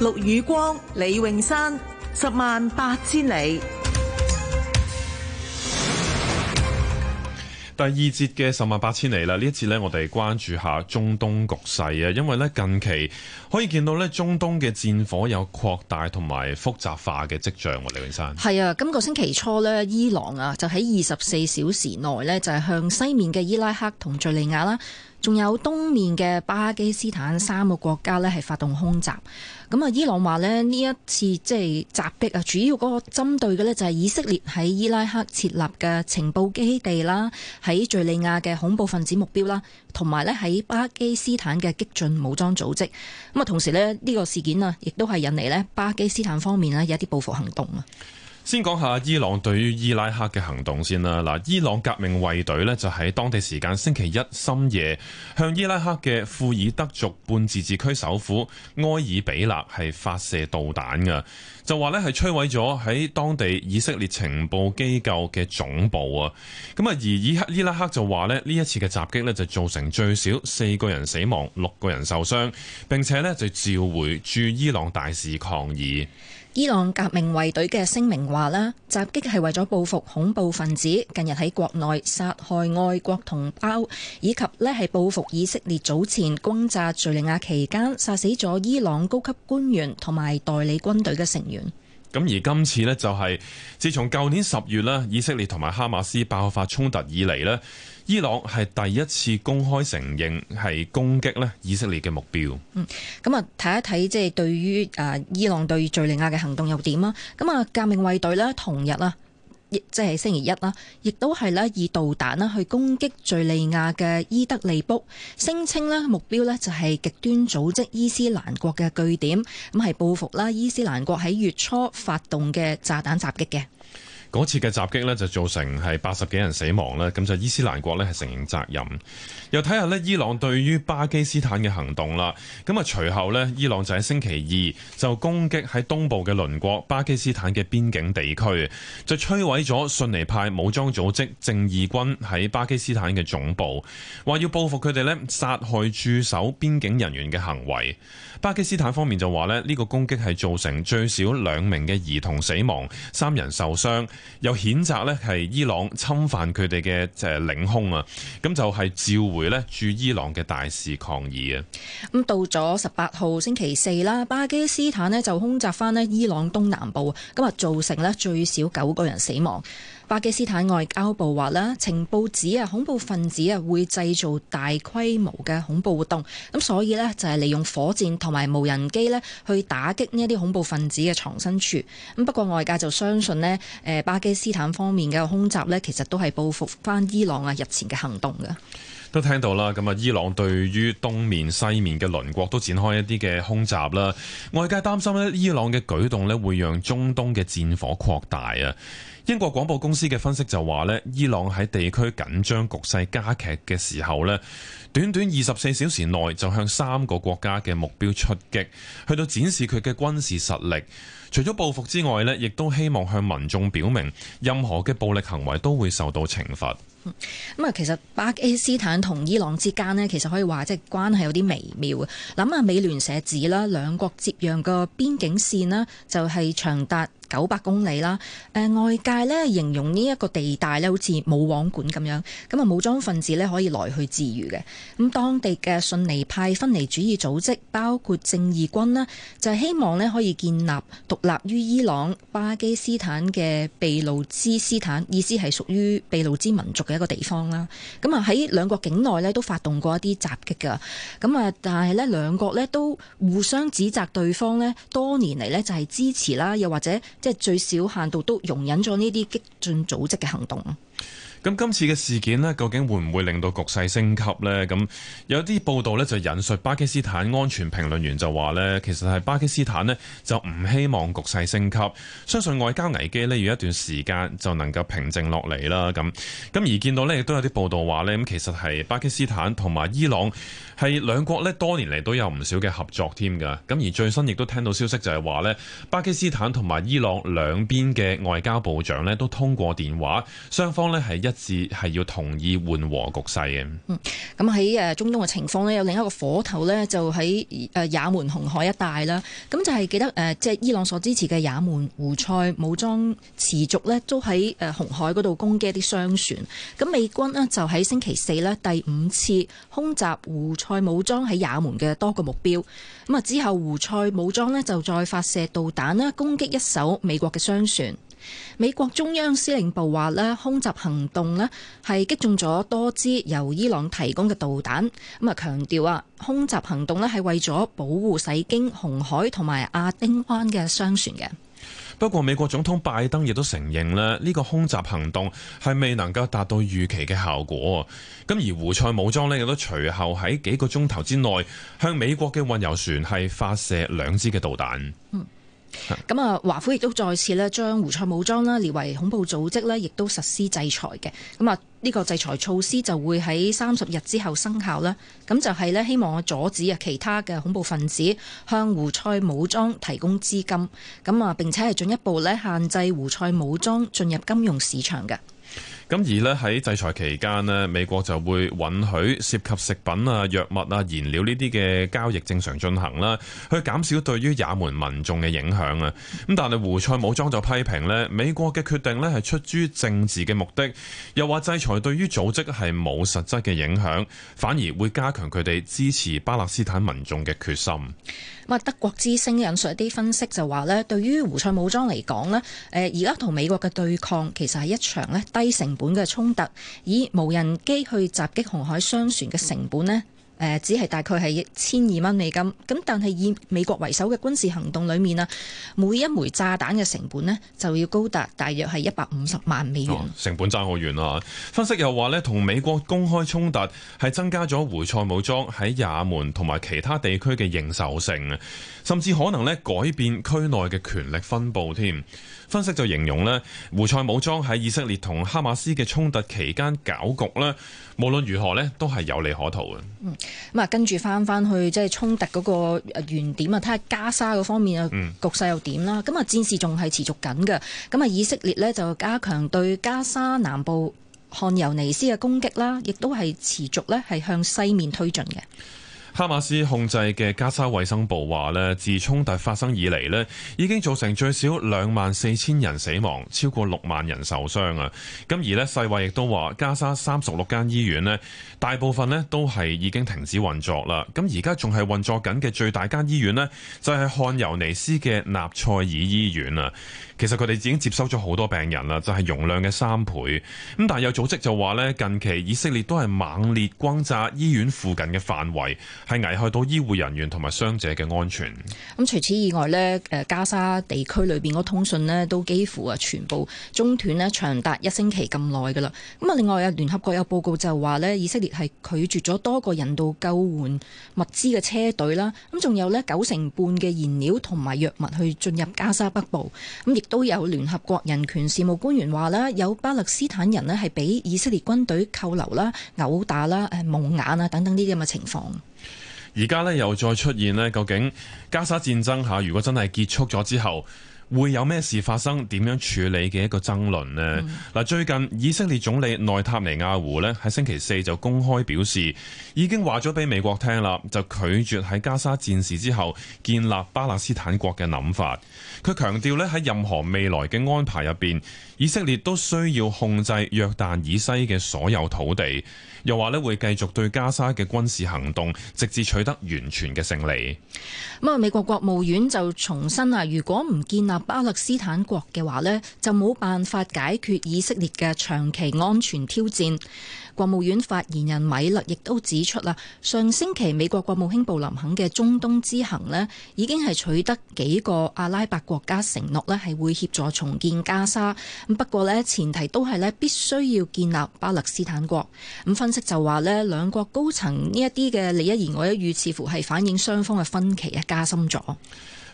陸宇光、李永山，十萬八千里。第二節嘅十萬八千里啦，呢一節咧，我哋關注下中東局勢啊，因為呢，近期可以見到呢中東嘅戰火有擴大同埋複雜化嘅跡象。李永山係啊，今、那個星期初呢，伊朗啊就喺二十四小時內呢，就係、是、向西面嘅伊拉克同敘利亞啦。仲有東面嘅巴基斯坦三個國家呢係發動空襲。咁啊，伊朗話呢呢一次即係襲擊啊，主要嗰個針對嘅呢就係以色列喺伊拉克設立嘅情報基地啦，喺敘利亞嘅恐怖分子目標啦，同埋呢喺巴基斯坦嘅激進武裝組織。咁啊，同時呢呢個事件啊，亦都係引嚟呢巴基斯坦方面呢有一啲報復行動啊。先講下伊朗對於伊拉克嘅行動先啦。嗱，伊朗革命衛隊呢，就喺當地時間星期一深夜向伊拉克嘅庫爾德族半自治區首府埃爾比勒係發射導彈嘅，就話呢係摧毀咗喺當地以色列情報機構嘅總部啊。咁啊，而伊拉克就話呢，呢一次嘅襲擊呢，就造成最少四個人死亡，六個人受傷，並且呢就召回駐伊朗大使抗議。伊朗革命衛隊嘅聲明話啦，襲擊係為咗報復恐怖分子近日喺國內殺害外國同胞，以及呢係報復以色列早前轟炸敘利亞期間殺死咗伊朗高級官員同埋代理軍隊嘅成員。咁而今次呢、就是，就係自從舊年十月咧，以色列同埋哈馬斯爆發衝突以嚟呢。伊朗係第一次公開承認係攻擊呢以色列嘅目標。嗯，咁啊睇一睇即係對於啊伊朗對敘利亞嘅行動又點啦？咁啊革命衛隊呢同日啊，即係星期一啦，亦都係呢以導彈啦去攻擊敘利亞嘅伊德利卜，聲稱呢目標呢就係極端組織伊斯蘭國嘅據點，咁係報復啦伊斯蘭國喺月初發動嘅炸彈襲擊嘅。嗰次嘅襲擊呢，就造成係八十幾人死亡啦，咁就伊斯蘭國呢，係承認責任。又睇下呢，伊朗對於巴基斯坦嘅行動啦。咁啊，隨後呢，伊朗就喺星期二就攻擊喺東部嘅鄰國巴基斯坦嘅邊境地區，就摧毀咗遜尼派武裝組織正義軍喺巴基斯坦嘅總部，話要報復佢哋呢殺害駐守邊境人員嘅行為。巴基斯坦方面就話呢，呢、呢個攻擊係造成最少兩名嘅兒童死亡，三人受傷。又譴責呢係伊朗侵犯佢哋嘅即係領空啊，咁就係召回呢駐伊朗嘅大使抗議啊。咁到咗十八號星期四啦，巴基斯坦呢就空襲翻呢伊朗東南部，咁啊造成呢最少九個人死亡。巴基斯坦外交部話啦，情報指啊，恐怖分子啊會製造大規模嘅恐怖活動，咁所以咧就係利用火箭同埋無人機咧去打擊呢一啲恐怖分子嘅藏身處。咁不過外界就相信咧，誒巴基斯坦方面嘅空襲咧，其實都係報復返伊朗啊日前嘅行動嘅。都聽到啦，咁啊，伊朗對於東面、西面嘅鄰國都展開一啲嘅空襲啦。外界擔心咧，伊朗嘅舉動咧，會讓中東嘅戰火擴大啊。英國廣播公司嘅分析就話咧，伊朗喺地區緊張局勢加劇嘅時候咧，短短二十四小時內就向三個國家嘅目標出擊，去到展示佢嘅軍事實力。除咗報復之外咧，亦都希望向民眾表明，任何嘅暴力行為都會受到懲罰。咁啊，其實巴基斯坦同伊朗之間其實可以話即係關係有啲微妙。諗下美聯社指啦，兩國接壤個邊境線咧，就係長達，九百公里啦、呃，外界呢形容呢一個地帶呢好似冇王管咁樣，咁啊武裝分子呢可以來去自如嘅。咁當地嘅遜尼派分離主義組織，包括正義軍啦，就係，希望呢可以建立獨立於伊朗、巴基斯坦嘅俾路支斯坦，意思係屬於俾路支民族嘅一個地方啦。咁啊喺兩國境內呢都發動過一啲襲擊噶，咁啊但係呢兩國呢都互相指責對方呢，多年嚟呢就係、是，支持啦，又或者。即係最少限度都容忍咗呢啲激進組織嘅行動。咁今次嘅事件咧，究竟會唔會令到局勢升級咧？咁有啲報道咧就引述巴基斯坦安全評論員就話咧，其實係巴基斯坦咧就唔希望局勢升級，相信外交危機咧要一段時間就能夠平靜落嚟啦。咁咁而見到咧，亦都有啲報道話咧，咁其實係巴基斯坦同埋伊朗係兩國咧多年嚟都有唔少嘅合作添㗎。咁而最新亦都聽到消息就係話咧，巴基斯坦同埋伊朗兩邊嘅外交部長咧都通過電話，雙方咧係一。一致係要同意緩和局勢嘅。嗯，咁喺誒中東嘅情況呢，有另一個火頭呢，就喺誒也門紅海一帶啦。咁就係、是、記得誒，即、呃、係、就是、伊朗所支持嘅也門胡塞武裝持續呢，都喺誒、呃、紅海嗰度攻擊一啲商船。咁美軍呢，就喺星期四呢，第五次空襲胡塞武裝喺也門嘅多個目標。咁啊之後胡塞武裝呢，就再發射導彈呢，攻擊一艘美國嘅商船。美國中央司令部話咧，空襲行動咧係擊中咗多支由伊朗提供嘅導彈，咁啊強調啊，空襲行動咧係為咗保護駛經紅海同埋亞丁灣嘅商船嘅。不過，美國總統拜登亦都承認咧，呢個空襲行動係未能夠達到預期嘅效果。咁而胡塞武裝咧亦都隨後喺幾個鐘頭之內向美國嘅運油船係發射兩支嘅導彈。嗯咁啊，華府亦都再次咧將胡塞武裝啦列為恐怖組織咧，亦都實施制裁嘅。咁啊，呢個制裁措施就會喺三十日之後生效啦。咁就係咧，希望阻止啊其他嘅恐怖分子向胡塞武裝提供資金。咁啊，並且係進一步咧限制胡塞武裝進入金融市場嘅。咁而呢，喺制裁期間呢，美國就會允許涉及食品啊、藥物啊、燃料呢啲嘅交易正常進行啦，去減少對於也門民眾嘅影響啊。咁但係胡塞武裝就批評呢，美國嘅決定呢，係出於政治嘅目的，又話制裁對於組織係冇實質嘅影響，反而會加強佢哋支持巴勒斯坦民眾嘅決心。咁啊，德國之聲引述一啲分析就話呢，對於胡塞武裝嚟講呢，誒而家同美國嘅對抗其實係一場呢低成。本嘅衝突，以無人機去襲擊紅海商船嘅成本呢？誒、呃、只係大概係千二蚊美金，咁但係以美國為首嘅軍事行動裏面啊，每一枚炸彈嘅成本呢就要高達大約係一百五十萬美元。啊、成本爭好遠啦！分析又話呢同美國公開衝突係增加咗胡塞武裝喺也門同埋其他地區嘅認受性，甚至可能呢改變區內嘅權力分佈添。分析就形容咧，胡塞武裝喺以色列同哈馬斯嘅衝突期間搞局咧，無論如何呢都係有利可圖嘅。嗯。咁啊，跟住翻翻去即係衝突嗰個原點啊，睇下加沙嗰方面啊局勢又點啦。咁啊、嗯，戰事仲係持續緊嘅。咁啊，以色列咧就加強對加沙南部漢尤尼斯嘅攻擊啦，亦都係持續咧係向西面推進嘅。哈馬斯控制嘅加沙衛生部話呢，自衝突發生以嚟呢，已經造成最少兩萬四千人死亡，超過六萬人受傷啊！咁而呢世衛亦都話，加沙三十六間醫院呢，大部分呢都係已經停止運作啦。咁而家仲係運作緊嘅最大間醫院呢，就係漢尤尼斯嘅納賽爾醫院啊。其實佢哋已經接收咗好多病人啦，就係、是、容量嘅三倍。咁但係有組織就話呢，近期以色列都係猛烈轟炸醫院附近嘅範圍，係危害到醫護人員同埋傷者嘅安全。咁除此以外呢，誒加沙地區裏邊嗰通訊呢都幾乎啊全部中斷呢，長達一星期咁耐噶啦。咁啊，另外有聯合國有報告就話呢，以色列係拒絕咗多個人道救援物資嘅車隊啦。咁仲有呢九成半嘅燃料同埋藥物去進入加沙北部。咁亦都有聯合國人權事務官員話咧，有巴勒斯坦人呢係俾以色列軍隊扣留啦、毆打啦、誒蒙眼啊等等呢啲咁嘅情況。而家咧又再出現呢，究竟加沙戰爭下，如果真係結束咗之後，會有咩事發生？點樣處理嘅一個爭論呢？嗱，嗯，最近以色列總理內塔尼亞胡咧喺星期四就公開表示，已經話咗俾美國聽啦，就拒絕喺加沙戰事之後建立巴勒斯坦國嘅諗法。佢強調咧喺任何未來嘅安排入邊，以色列都需要控制約旦以西嘅所有土地。又話咧會繼續對加沙嘅軍事行動，直至取得完全嘅勝利。咁啊，美國國務院就重申啊，如果唔建立巴勒斯坦國嘅話呢，就冇辦法解決以色列嘅長期安全挑戰。國務院發言人米勒亦都指出啦，上星期美國國務卿布林肯嘅中東之行呢，已經係取得幾個阿拉伯國家承諾呢，係會協助重建加沙。咁不過呢，前提都係呢，必須要建立巴勒斯坦國。咁分析就話呢，兩國高層呢一啲嘅你一言我一語，似乎係反映雙方嘅分歧啊加深咗。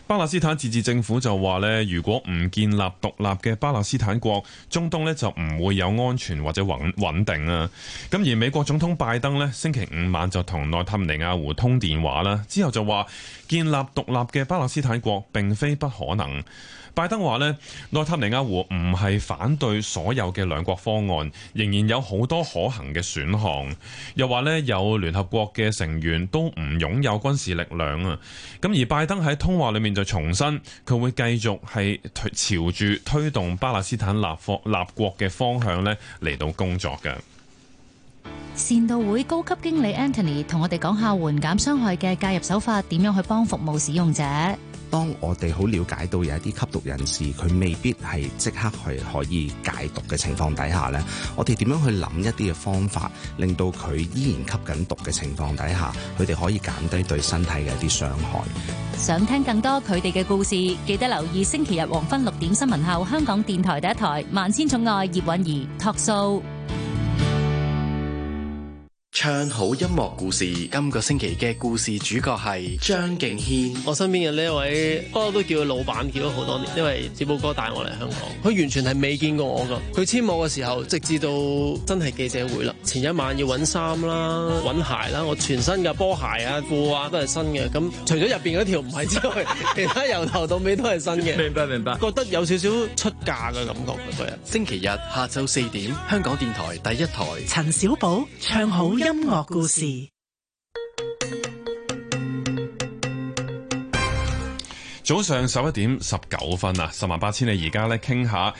巴勒斯坦自治政府就話咧，如果唔建立獨立嘅巴勒斯坦國，中東咧就唔會有安全或者穩穩定啊。咁而美國總統拜登咧，星期五晚就同內塔尼亞胡通電話啦，之後就話建立獨立嘅巴勒斯坦國並非不可能。拜登話咧，內塔尼亞胡唔係反對所有嘅兩國方案，仍然有好多可行嘅選項。又話咧，有聯合國嘅成員都唔擁有軍事力量啊。咁而拜登喺通話裏面就重申，佢會繼續係朝住推動巴勒斯坦立國嘅方向咧嚟到工作嘅。善導會高級經理 Anthony 同我哋講下緩減傷害嘅介入手法點樣去幫服務使用者。當我哋好了解到有一啲吸毒人士，佢未必係即刻去可以解毒嘅情況底下呢，我哋點樣去諗一啲嘅方法，令到佢依然吸緊毒嘅情況底下，佢哋可以減低對身體嘅一啲傷害。想聽更多佢哋嘅故事，記得留意星期日黃昏六點新聞後，香港電台第一台《萬千寵愛》葉韻儀 Talk Show。唱好音樂故事，今個星期嘅故事主角係張敬軒。我身邊嘅呢位哥都叫佢老闆叫咗好多年，因為小寶哥帶我嚟香港，佢完全係未見過我噶。佢簽我嘅時候，直至到真係記者會啦。前一晚要揾衫啦，揾鞋啦，我全身嘅波鞋啊、褲啊都係新嘅。咁除咗入邊嗰條唔係之外， 其他由頭到尾都係新嘅。明白明白，覺得有少少出嫁嘅感覺。今日星期日下晝四點，香港電台第一台，陳小寶唱好。音樂故事，早上十一點十九分啊，十萬八千里而家咧傾下。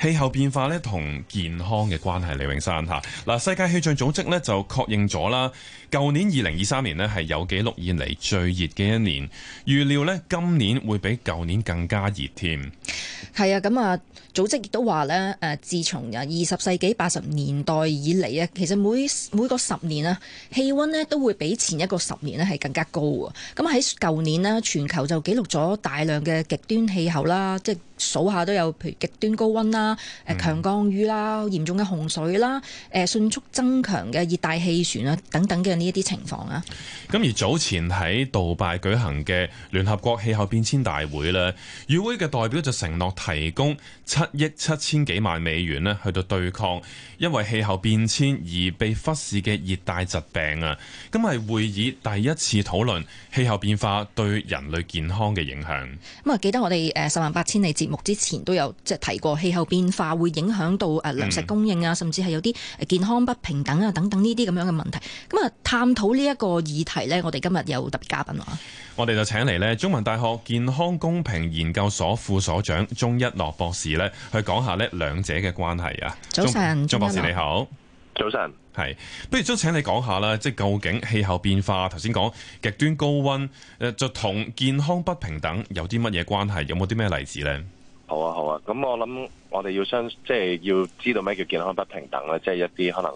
氣候變化咧同健康嘅關係，李永山嚇嗱，世界氣象組織咧就確認咗啦，舊年二零二三年咧係有記錄以嚟最熱嘅一年，預料咧今年會比舊年更加熱添。係啊，咁啊，組織亦都話咧，誒自從啊二十世紀八十年代以嚟啊，其實每每個十年啊，氣溫咧都會比前一個十年咧係更加高啊。咁喺舊年咧，全球就記錄咗大量嘅極端氣候啦，即係。數下都有，譬如極端高温啦、誒強降雨啦、嚴重嘅洪水啦、誒迅速增強嘅熱帶氣旋啊等等嘅呢一啲情況啊。咁、嗯、而早前喺杜拜舉行嘅聯合國氣候變遷大會咧，與會嘅代表就承諾提供七億七千幾萬美元咧，去到對抗因為氣候變遷而被忽視嘅熱帶疾病啊。咁係會議第一次討論氣候變化對人類健康嘅影響，咁啊、嗯，記得我哋誒十萬八千里節目之前都有即係提過氣候變化會影響到誒糧食供應啊，嗯、甚至係有啲健康不平等啊等等呢啲咁樣嘅問題。咁啊，探討呢一個議題呢，我哋今日有特別嘉賓啊，我哋就請嚟中文大學健康公平研究所副所長鍾一諾博士呢，去講下呢兩者嘅關係啊。早晨，鍾博士你好。早晨，係，不如都請你講下啦，即係究竟氣候變化頭先講極端高溫，誒就同健康不平等有啲乜嘢關係？有冇啲咩例子咧？好啊，好啊，咁我諗我哋要相，即係要知道咩叫健康不平等咧，即係一啲可能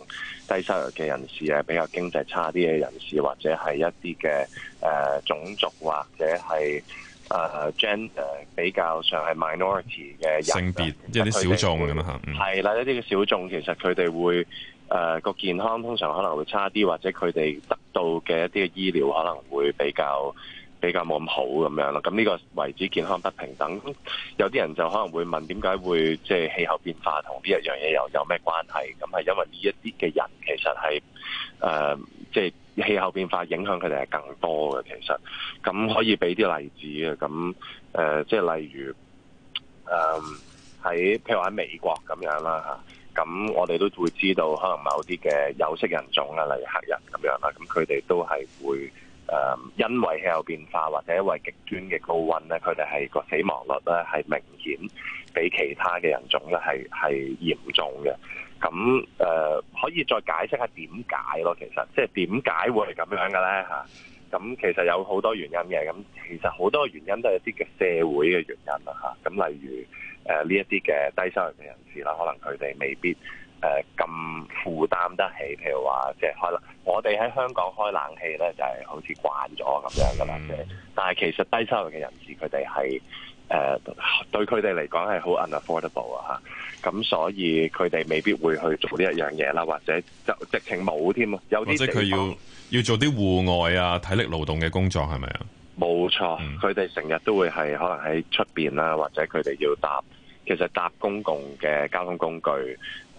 低收入嘅人士啊，比較經濟差啲嘅人士，或者係一啲嘅誒種族或者係誒、呃、gender 比較上係 minority 嘅人性別，一啲小眾咁樣嚇，係啦、嗯，一啲嘅小眾其實佢哋會。誒個、呃、健康通常可能會差啲，或者佢哋得到嘅一啲嘅醫療可能會比較比較冇咁好咁樣咯。咁呢個為之健康不平等，有啲人就可能會問點解會即係、就是、氣候變化同呢一樣嘢又有咩關係？咁係因為呢一啲嘅人其實係誒即係氣候變化影響佢哋係更多嘅，其實咁可以俾啲例子嘅。咁誒即係例如誒喺、呃、譬如喺美國咁樣啦嚇咁我哋都會知道，可能某啲嘅有色人種啊，例如黑人咁樣啦，咁佢哋都係會誒、呃，因為氣候變化或者因為極端嘅高溫咧，佢哋係個死亡率咧係明顯比其他嘅人種咧係嚴重嘅。咁誒、呃、可以再解釋下點解咯？其實即係點解會係咁樣嘅咧嚇？咁其實有好多原因嘅。咁其實好多原因都係一啲嘅社會嘅原因啦嚇。咁例如。誒呢一啲嘅低收入嘅人士啦，可能佢哋未必誒咁負擔得起，譬如話即係可能我哋喺香港開冷氣咧，就係、是、好似慣咗咁樣噶啦，即、嗯、但係其實低收入嘅人士佢哋係誒對佢哋嚟講，係好 unaffordable 啊吓。咁所以佢哋未必會去做呢一樣嘢啦，或者就直情冇添啊，有啲地方，即係佢要要做啲戶外啊體力勞動嘅工作係咪啊？冇錯，佢哋成日都會係可能喺出邊啦，或者佢哋要搭。其實搭公共嘅交通工具，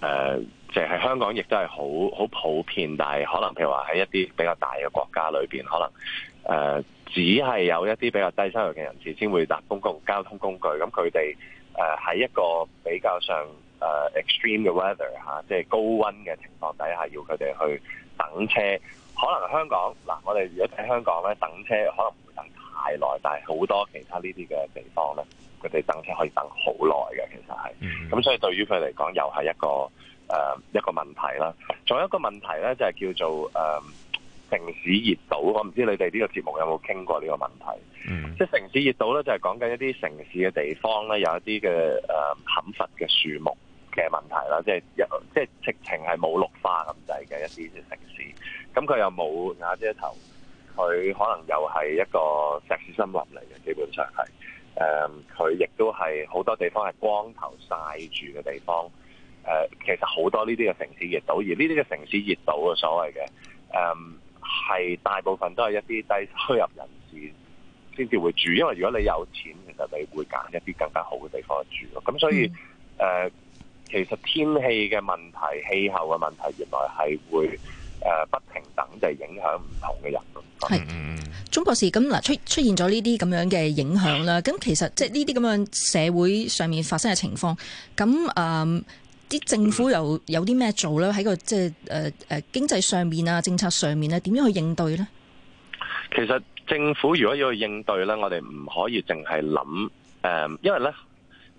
誒，即係香港亦都係好好普遍，但係可能譬如話喺一啲比較大嘅國家裏邊，可能誒只係有一啲比較低收入嘅人士先會搭公共交通工具。咁佢哋誒喺一個比較上誒 extreme 嘅 weather 嚇，即係高溫嘅情況底下，要佢哋去等車。可能香港嗱，我哋如果喺香港咧等車，可能唔會等太耐，但係好多其他呢啲嘅地方咧。佢哋等車可以等好耐嘅，其實係，咁、mm hmm. 嗯、所以對於佢嚟講又係一個、呃、一個問題啦。仲有一個問題呢，就係、是、叫做、呃、城市熱島。我唔知你哋呢個節目有冇傾過呢個問題。Mm hmm. 即係城市熱島呢，就係、是、講緊一啲城市嘅地方呢有一啲嘅誒砍伐嘅樹木嘅問題啦，即係有即係直情係冇綠化咁滯嘅一啲城市。咁、嗯、佢又冇瓦遮頭，佢可能又係一個石屎森林嚟嘅，基本上係。誒，佢亦、嗯、都係好多地方係光頭曬住嘅地方。誒、呃，其實好多呢啲嘅城市熱島，而呢啲嘅城市熱島嘅所謂嘅，誒、嗯，係大部分都係一啲低收入人士先至會住。因為如果你有錢，其實你會揀一啲更加好嘅地方住咯。咁所以，誒、嗯呃，其實天氣嘅問題、氣候嘅問題，原來係會。誒，不平等就係影響唔同嘅人咯。係，鍾博士咁嗱，出出現咗呢啲咁樣嘅影響啦。咁其實即係呢啲咁樣社會上面發生嘅情況，咁誒，啲政府又有啲咩做咧？喺個即係誒誒經濟上面啊，政策上面咧，點樣去應對咧？其實政府如果要去應對咧，我哋唔可以淨係諗誒，因為咧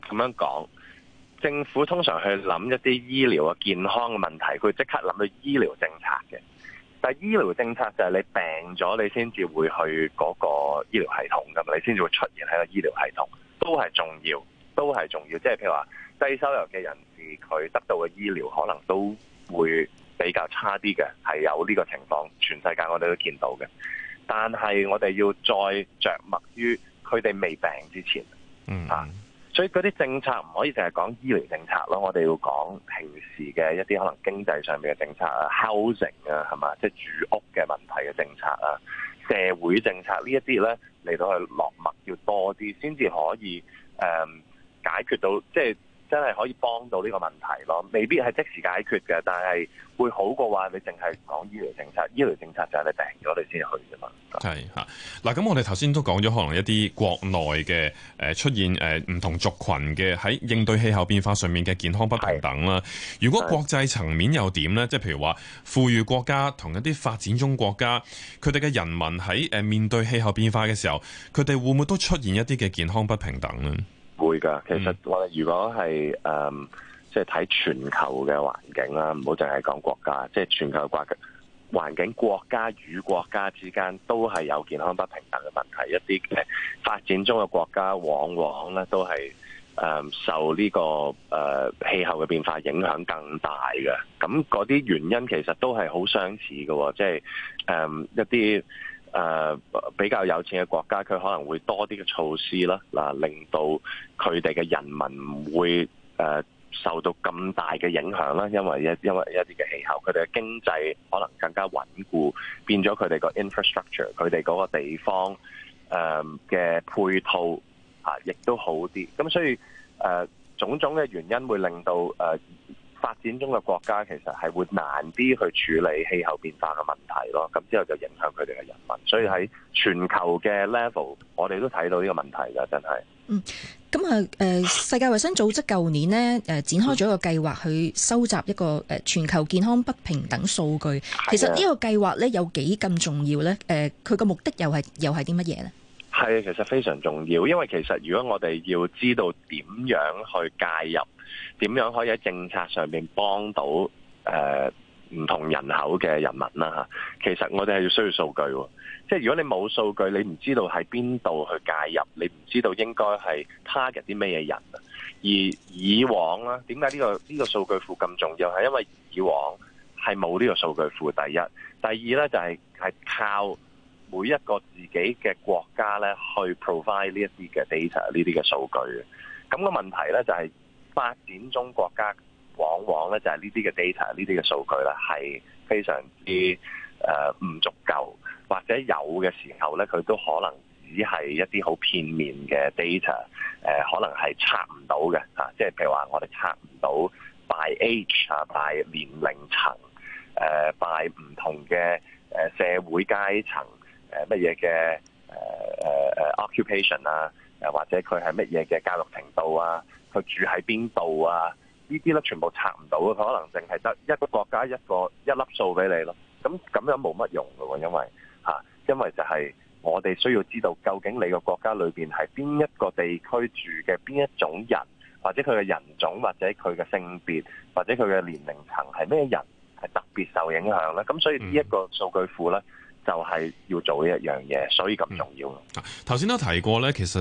咁樣講。政府通常去諗一啲醫療啊、健康嘅問題，佢即刻諗到醫療政策嘅。但係醫療政策就係你病咗，你先至會去嗰個醫療系統，咁你先至會出現喺個醫療系統，都係重要，都係重要。即係譬如話低收入嘅人士，佢得到嘅醫療可能都會比較差啲嘅，係有呢個情況，全世界我哋都見到嘅。但係我哋要再着墨於佢哋未病之前，嗯所以嗰啲政策唔可以淨係講醫療政策咯，我哋要講平時嘅一啲可能經濟上面嘅政策啊，housing 啊，係嘛，即係住屋嘅問題嘅政策啊，社會政策這些呢一啲咧，嚟到去落墨要多啲，先至可以誒、嗯、解決到即係。就是真係可以幫到呢個問題咯，未必係即時解決嘅，但係會好過話你淨係講醫療政策。醫療政策就係你病咗你先去㗎嘛。係嚇，嗱咁我哋頭先都講咗可能一啲國內嘅誒出現誒唔同族群嘅喺應對氣候變化上面嘅健康不平等啦。如果國際層面又點呢？即係譬如話富裕國家同一啲發展中國家，佢哋嘅人民喺誒面對氣候變化嘅時候，佢哋會唔會都出現一啲嘅健康不平等呢？會噶，其實我哋如果係誒，即係睇全球嘅環境啦，唔好淨係講國家，即係全球國環境，國家與國家之間都係有健康不平等嘅問題。一啲誒，發展中嘅國家往往咧都係誒、嗯、受呢個誒、呃、氣候嘅變化影響更大嘅。咁嗰啲原因其實都係好相似噶，即係誒一啲。誒，比較有錢嘅國家，佢可能會多啲嘅措施啦，嗱，令到佢哋嘅人民唔會誒受到咁大嘅影響啦，因為一因為一啲嘅氣候，佢哋嘅經濟可能更加穩固，變咗佢哋個 infrastructure，佢哋嗰個地方誒嘅配套啊，亦都好啲，咁所以誒、呃、種種嘅原因會令到誒。呃發展中嘅國家其實係會難啲去處理氣候變化嘅問題咯，咁之後就影響佢哋嘅人民，所以喺全球嘅 level，我哋都睇到呢個問題㗎，真係。嗯，咁啊，誒、呃，世界衞生組織舊年呢，誒、呃，展開咗一個計劃去收集一個誒、呃、全球健康不平等數據。其實呢個計劃咧有幾咁重要咧？誒、呃，佢個目的又係又係啲乜嘢咧？係，其實非常重要，因為其實如果我哋要知道點樣去介入，點樣可以喺政策上面幫到誒、呃、唔同人口嘅人民啦吓，其實我哋係要需要數據，即係如果你冇數據，你唔知道喺邊度去介入，你唔知道應該係 target 啲咩嘢人啊。而以往啦，點解呢個呢、呢個數據庫咁重要？係因為以往係冇呢個數據庫，第一，第二咧就係、係、係靠。每一個自己嘅國家咧，去 provide 呢一啲嘅 data，呢啲嘅數據嘅。咁、那個問題咧就係、是、發展中國家往往咧就係呢啲嘅 data，呢啲嘅數據咧係非常之誒唔足夠，或者有嘅時候咧，佢都可能只係一啲好片面嘅 data。誒、呃、可能係測唔到嘅嚇，即、啊、係譬如話我哋測唔到 by age 啊，by 年齡層誒、呃、by 唔同嘅誒社會階層。誒乜嘢嘅誒誒誒、呃呃、occupation 啊？誒或者佢係乜嘢嘅教育程度啊？佢住喺邊度啊？呢啲咧全部拆唔到嘅，佢可能淨係得一個國家一個一粒數俾你咯。咁咁樣冇乜用嘅喎，因為嚇、啊，因為就係我哋需要知道究竟你個國家裏邊係邊一個地區住嘅邊一種人，或者佢嘅人種，或者佢嘅性別，或者佢嘅年齡層係咩人係特別受影響咧。咁所以呢一個數據庫咧。就係要做一樣嘢，所以咁重要。頭先都提過呢其實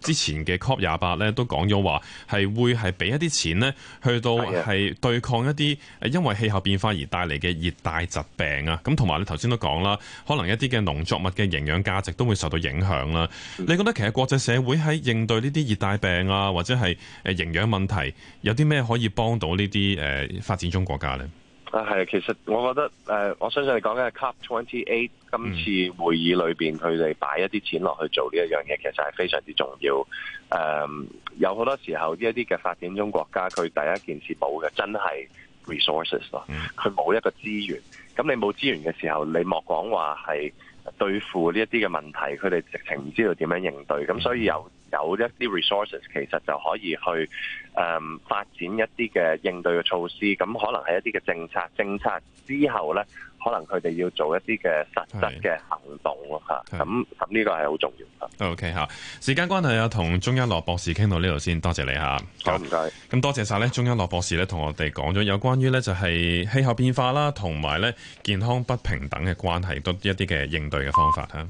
之前嘅 COP 廿八咧都講咗話，係會係俾一啲錢呢去到係對抗一啲因為氣候變化而帶嚟嘅熱帶疾病啊。咁同埋你頭先都講啦，可能一啲嘅農作物嘅營養價值都會受到影響啦。嗯、你覺得其實國際社會喺應對呢啲熱帶病啊，或者係誒營養問題，有啲咩可以幫到呢啲誒發展中國家呢？啊，係，其實我覺得，誒，我相信你講緊係 COP28 今次會議裏邊，佢哋擺一啲錢落去做呢一樣嘢，其實係非常之重要。誒、um，有好多時候呢一啲嘅發展中國家，佢第一件事冇嘅，真係 resources 咯，佢冇一個資源。咁你冇資源嘅時候，你莫講話係對付呢一啲嘅問題，佢哋直情唔知道點樣應對。咁所以有。有一啲 resources，其實就可以去誒、嗯、發展一啲嘅應對嘅措施，咁可能係一啲嘅政策。政策之後呢，可能佢哋要做一啲嘅實質嘅行動咯，嚇。咁咁呢個係好重要嘅。OK 嚇，時間關係啊，同鍾一諾博士傾到呢度先，多謝你嚇。好唔該。咁多謝晒咧，鍾一諾博士咧，同我哋講咗有關於呢，就係氣候變化啦，同埋呢健康不平等嘅關係，多一啲嘅應對嘅方法嚇。